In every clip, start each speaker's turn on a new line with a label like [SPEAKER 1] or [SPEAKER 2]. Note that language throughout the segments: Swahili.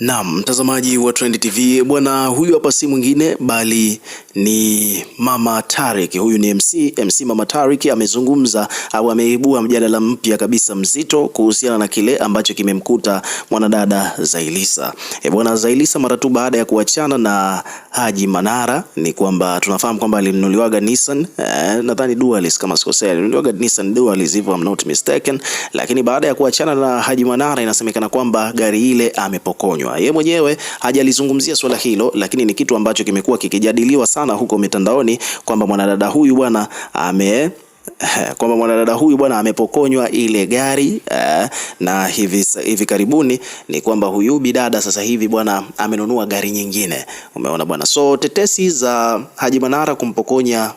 [SPEAKER 1] Naam, mtazamaji wa Trend TV bwana, huyu hapa si mwingine bali ni Mama Tarik. Huyu ni MC, MC Mama Tarik amezungumza au ameibua mjadala mpya kabisa mzito kuhusiana na kile ambacho kimemkuta mwanadada Zailisa. E bwana, Zailisa mara tu baada ya kuachana na Haji Manara ni kwamba tunafahamu kwamba alinunuliwaga Nissan eh, nadhani Dualis kama sikosea, alinunuliwaga Nissan Dualis if I'm not mistaken, lakini baada ya kuachana na Haji Manara inasemekana kwamba gari ile amepokonywa. Yeye mwenyewe hajalizungumzia swala hilo, lakini ni kitu ambacho kimekuwa kikijadiliwa sana huko mitandaoni kwamba mwanadada huyu bwana ame Eh, kwamba mwanadada huyu bwana amepokonywa ile gari eh, na hivi, hivi karibuni ni kwamba huyu bidada sasa hivi bwana amenunua gari nyingine. Umeona bwana, so tetesi za Haji Manara kumpokonya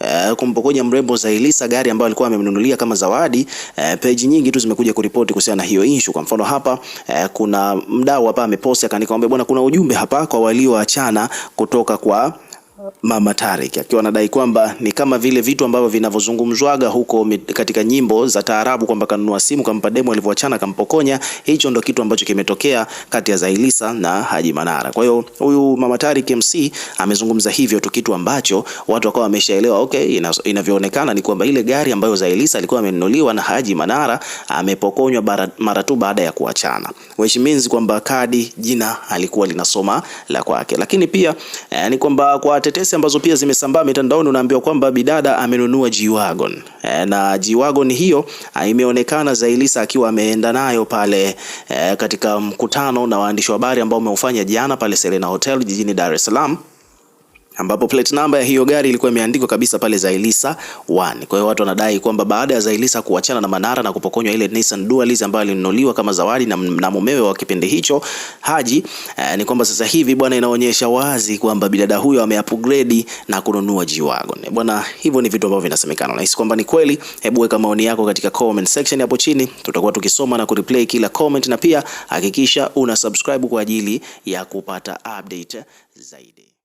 [SPEAKER 1] Uh, kumpokonya mrembo Zailisa gari ambayo alikuwa amemnunulia kama zawadi. Uh, eh, page nyingi tu zimekuja kuripoti kuhusiana na hiyo issue. Kwa mfano hapa, uh, kuna mdau hapa ameposti akaniambia, bwana, kuna ujumbe hapa kwa walioachana kutoka kwa Mama Tarik akiwa anadai kwamba ni kama vile vitu ambavyo vinavyozungumzwaga huko katika nyimbo za taarabu kwamba kanunua simu kampa demo alivyoachana kampokonya. Hicho ndo kitu ambacho kimetokea kati ya Zailisa na Haji Manara. Kwa hiyo huyu Mama Tarik MC amezungumza hivyo tu, kitu ambacho watu wakawa wameshaelewa. Okay, inavyoonekana ni kwamba ile gari ambayo Zailisa alikuwa amenunuliwa na Haji Manara amepokonywa mara tu baada ya kuachana, which means kwamba kadi jina alikuwa linasoma la kwake, lakini pia eh, ni kwamba kwa tete tetesi ambazo pia zimesambaa mitandaoni, unaambiwa kwamba bidada amenunua G-Wagon e, na G-Wagon hiyo e, imeonekana Zailisa akiwa ameenda nayo pale e, katika mkutano na waandishi wa habari ambao umeufanya jana pale Serena Hotel jijini Dar es Salaam ambapo plate number ya hiyo gari ilikuwa imeandikwa kabisa pale Zailisa 1. Kwa hiyo watu wanadai kwamba baada ya Zailisa kuachana na Manara na kupokonywa ile Nissan Dualis ambayo alinunuliwa kama zawadi na, na mumewe wa kipindi hicho Haji, eh, ni kwamba sasa hivi bwana, inaonyesha wazi kwamba bidada huyo ameupgrade na kununua G-Wagon. Eh, bwana, hivyo ni vitu ambavyo vinasemekana. Nahisi kwamba ni kweli. Hebu weka maoni yako katika comment section hapo chini, tutakuwa tukisoma na kureplay kila comment, na pia hakikisha una subscribe kwa ajili ya kupata update zaidi.